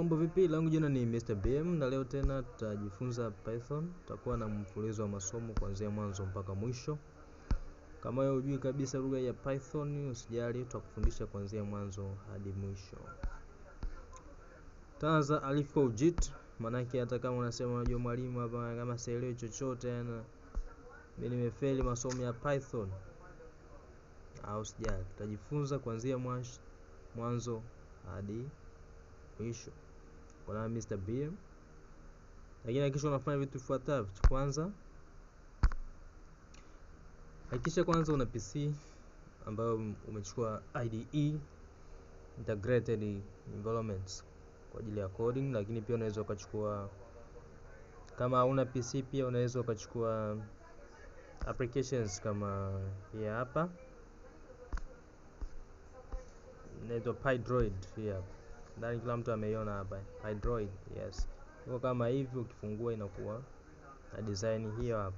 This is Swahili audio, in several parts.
mambo vipi langu jina ni Mr. BM na leo tena tutajifunza Python. Tutakuwa na mfulizo wa masomo kuanzia mwanzo mpaka mwisho. Kama wewe hujui kabisa lugha ya Python, usijali, tutakufundisha kuanzia mwanzo hadi mwisho. Tanza alifa ujit, maanake hata kama unasema unajua mwalimu hapa, kama sielewi chochote, yana mimi nimefeli masomo ya Python, au sijali tutajifunza kuanzia mwanzo hadi mwisho. Unaona Mr Bean. Lakini hakikisha unafanya vitu vifuatavyo. Kwanza hakikisha kwanza una PC ambayo umechukua IDE integrated Environment kwa ajili ya coding, lakini pia unaweza ukachukua kama una PC pia unaweza ukachukua applications kama hii hapa inaitwa PyDroid hii hapa ndani kila mtu ameiona hapa. Hydroid, yes. Iko kama hivi ukifungua inakuwa na design hiyo hapa.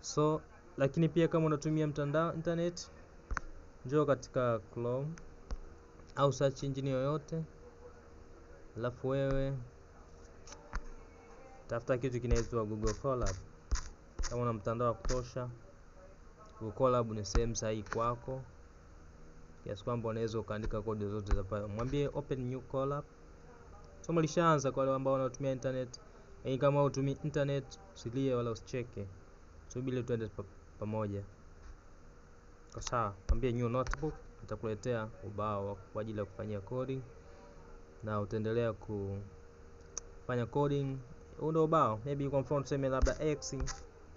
So, lakini pia kama unatumia mtandao internet, njoo katika Chrome au search engine yoyote. Alafu wewe tafuta kitu kinaitwa Google collab Kama una mtandao wa kutosha, Google collab ni sehemu sahihi kwako kiasi kwamba unaweza ukaandika kodi zote za pale. Mwambie open new call app. Somo lishaanza kwa wale ambao wanatumia internet, lakini kama hutumii internet usilie wala usicheke, subiri tuende pamoja kwa sawa. Mwambie new notebook, nitakuletea ubao kwa ajili ya kufanyia coding na utaendelea kufanya coding. Huu ndio ubao, maybe kwa mfano tuseme labda x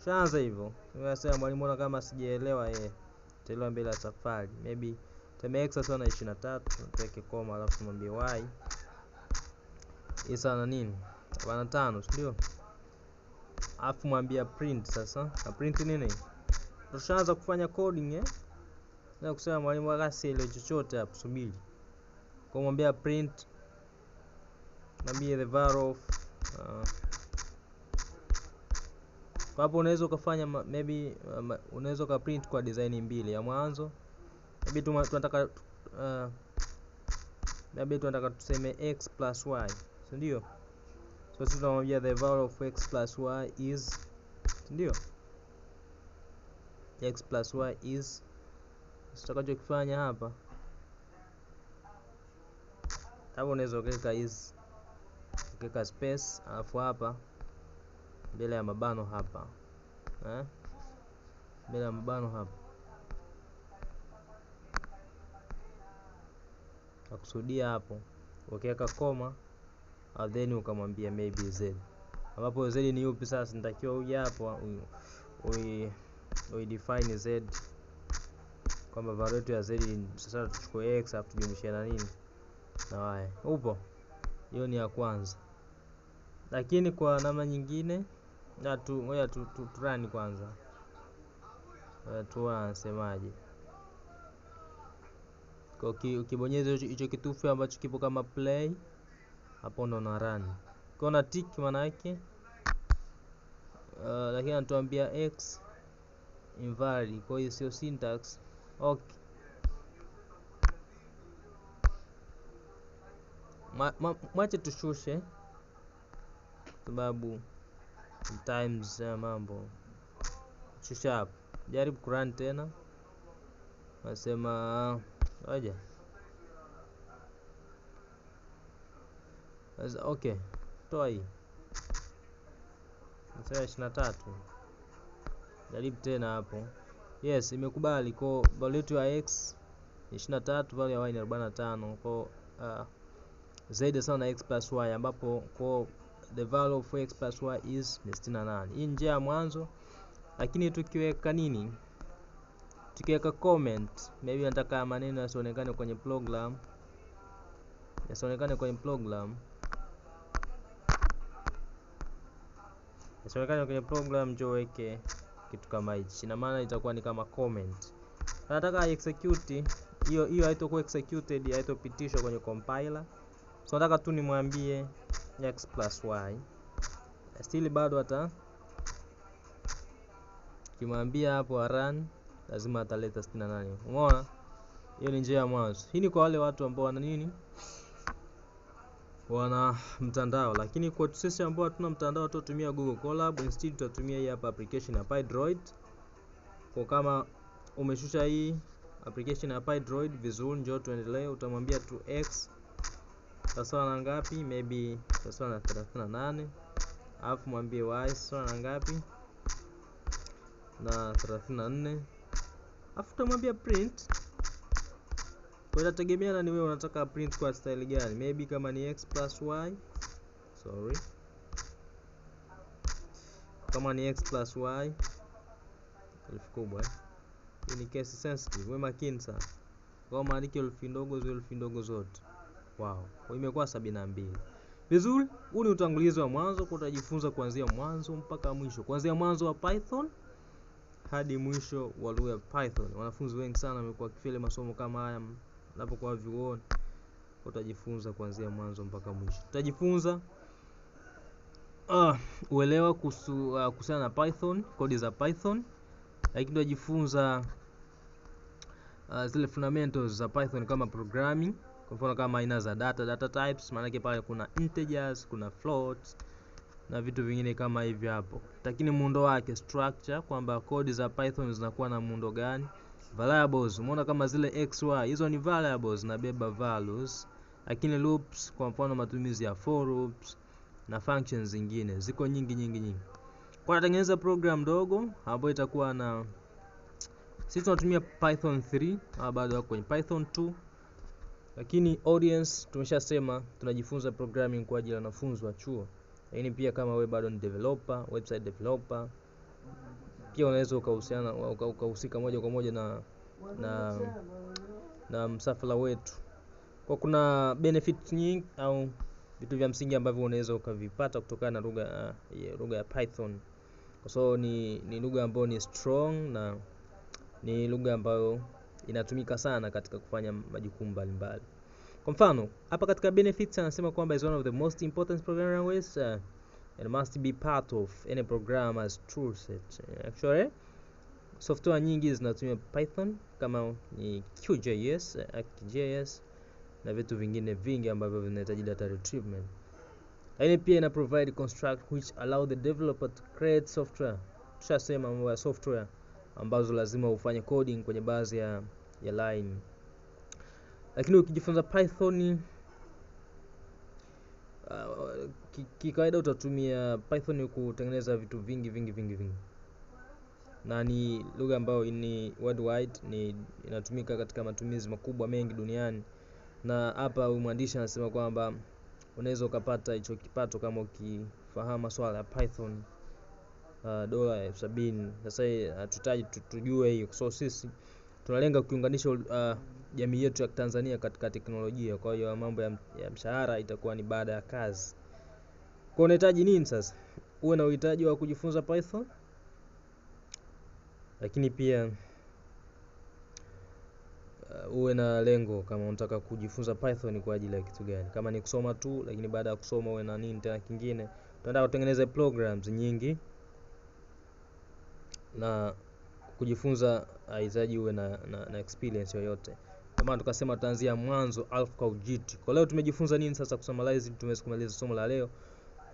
shaanza hivyo. Unasema mwalimu, ona kama sijaelewa yeye, tutaelewa mbele ya safari maybe Tumia x sawa na 23, tuweke koma alafu tumwambie y hii sawa na nini? 75, si ndio? Alafu mwambia print sasa. Na print nini? Tushaanza kufanya coding eh? Na kusema mwalimu agasi ile chochote hapo, subiri. Kwa mwambia print mwambie the var of uh, hapo unaweza ukafanya maybe uh, unaweza ukaprint kwa design mbili ya mwanzo maybe tunataka uh, maybe tunataka tuseme x plus y si ndio so sisi tunamwambia the value of x plus y is si ndio x plus y is tutakachokifanya hapa hapo unaweza ukaweka is ukaweka space alafu hapa mbele ya mabano hapa eh? mbele ya mabano hapa akusudia hapo ukiweka koma and then ukamwambia maybe z, ambapo z ni upi sasa? Nitakiwa uje hapo uidefine z kwamba value yetu ya z sasa tuchukue x alafu tujumlishe na nini na y. Upo, hiyo ni ya kwanza, lakini kwa namna nyingine na tu ngoja tu, tu, tu, tu, tu, tu, tu, tu, tu, kwa ukibonyeza hicho kitufe ambacho kipo kama play hapo ndo na run. Kwa na tick maana yake uh, lakini anatuambia x invalid. Kwa hiyo sio syntax. Okay. Ma, ma, tushushe sababu times ya eh, mambo shusha hapo. Jaribu kurun tena, nasema uh, ngoja okay toa hii nasema ishirini na tatu jaribu tena hapo yes imekubali kwa value yetu ya x ni ishirini na tatu value ya y ni arobaini na tano kwa uh, zaidi sana na x plus y ambapo kwa the value of x plus y is ni sitini na nane hii njia ya mwanzo lakini tukiweka nini tukiweka comment maybe nataka maneno yasionekane kwenye program yasionekane kwenye program yasionekane kwenye program ndio weke kitu kama hichi na maana itakuwa ni kama comment nataka execute hiyo hiyo haitokuwa executed haitopitishwa kwenye compiler so nataka tu nimwambie x plus y still bado hata kimwambia hapo run lazima ataleta 68 umeona hiyo ni njia ya mwanzo hii ni kwa wale watu ambao wana nini wana mtandao lakini kwa sisi ambao hatuna mtandao tutatumia Google Colab instead tutatumia hii hapa application ya PyDroid kwa kama umeshusha hii application ya PyDroid vizuri njoo tuendelee utamwambia tu x sawa na ngapi maybe sawa na 38 alafu mwambie y sawa na ngapi na 34 Utamwambia print kwa itategemea na ni wewe unataka print kwa style gani. Maybe kama ni x plus y, sorry, kama ni x plus y herufi kubwa eh. hii ni case sensitive. Wewe makini sana kwa maandiko elfu ndogo, zote elfu ndogo zote. Wow, kwa imekuwa sabini na mbili. Vizuri, huu ni utangulizi wa mwanzo, kwa utajifunza kuanzia mwanzo mpaka mwisho, kuanzia mwanzo wa Python hadi mwisho wa lugha ya Python. Wanafunzi wengi sana wamekuwa wakifeli masomo kama haya napokuwa vyuoni. Utajifunza kuanzia mwanzo mpaka mwisho. Utajifunza uh, uelewa kuhusu uh, na Python, kodi za Python, lakini utajifunza uh, zile fundamentals za Python kama programming, kwa mfano kama aina za data, data types, maanake pale kuna integers, kuna floats na vitu vingine kama hivyo hapo. Lakini muundo wake structure, kwamba kodi za Python zinakuwa na muundo gani. Variables, umeona kama zile xy, hizo ni variables, na beba values. Lakini loops, kwa mfano matumizi ya for loops na functions zingine, ziko nyingi nyingi nyingi. Kwa natengeneza program dogo ambayo itakuwa na sisi tunatumia Python 3 ama bado wako kwenye Python 2 lakini audience tumeshasema tunajifunza programming kwa ajili ya wanafunzi wa chuo. Lakini pia kama wewe bado ni developer, website developer, pia unaweza ukahusiana ukahusika moja kwa moja na na na msafara wetu. Kwa kuna benefit nyingi au vitu vya msingi ambavyo unaweza ukavipata kutokana na lugha uh, ya lugha ya Python kwa sababu so, ni, ni lugha ambayo ni strong na ni lugha ambayo inatumika sana katika kufanya majukumu mbalimbali. Kwa mfano hapa katika benefits anasema kwamba is one of the most important programming languages uh, and must be part of any programmer's tool set. Actually software nyingi zinatumia Python kama ni QJS, uh, ArcGIS na vitu vingine vingi ambavyo vinahitaji data retrieval. Lakini pia ina provide construct which allow the developer to create software. Tushasema mambo ya software ambazo lazima ufanye coding kwenye baadhi ya, ya line lakini ukijifunza Python uh, kikawaida utatumia Python kutengeneza vitu vingi vingi vingi vingi, na ni lugha ambayo ni worldwide, ni inatumika katika matumizi makubwa mengi duniani, na hapa huyu mwandishi anasema kwamba unaweza ukapata hicho kipato kama ukifahamu maswala ya Python uh, dola elfu sabini. Sasa hatutaji tujue hiyo, so sisi tunalenga kuunganisha uh, jamii yetu ya Tanzania katika teknolojia. Kwa hiyo mambo ya, ya mshahara itakuwa ni baada ya kazi. Kwa unahitaji nini sasa? Uwe na uhitaji wa kujifunza Python, lakini pia uh, uwe na lengo, kama unataka kujifunza Python kwa ajili ya kitu gani, kama ni kusoma tu, lakini baada ya kusoma uwe na nini tena kingine. Tunataka kutengeneza programs nyingi na kujifunza ah, aizaji uwe na, na, na experience yoyote kwa maana tukasema tutaanzia mwanzo alfu kwa ujiti kwa leo tumejifunza nini sasa kusummarize tumeweza kumaliza somo la leo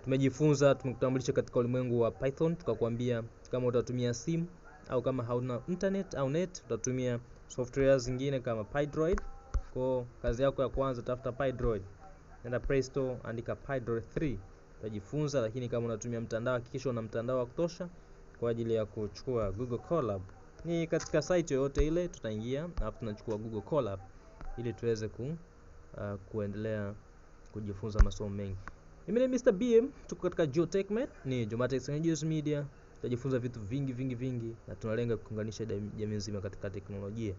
tumejifunza tumekutambulisha katika ulimwengu wa python tukakwambia kama utatumia simu au kama hauna internet au net utatumia software zingine kama pydroid kwa kazi yako ya kwanza tafuta pydroid nenda play store andika pydroid 3 utajifunza lakini kama unatumia mtandao hakikisha una mtandao wa kutosha kwa ajili ya kuchukua google collab ni katika site yoyote ile tutaingia alafu tunachukua Google Colab ili tuweze ku, uh, kuendelea kujifunza masomo mengi. Mimi ni Mr. BM, tuko katika GeoTechMed, ni Geomatics Technologies Media. Tutajifunza vitu vingi vingi vingi na tunalenga kuunganisha jamii nzima katika teknolojia.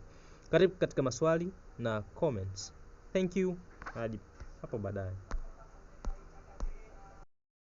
Karibu katika maswali na comments. Thank you. Hadi hapo baadaye.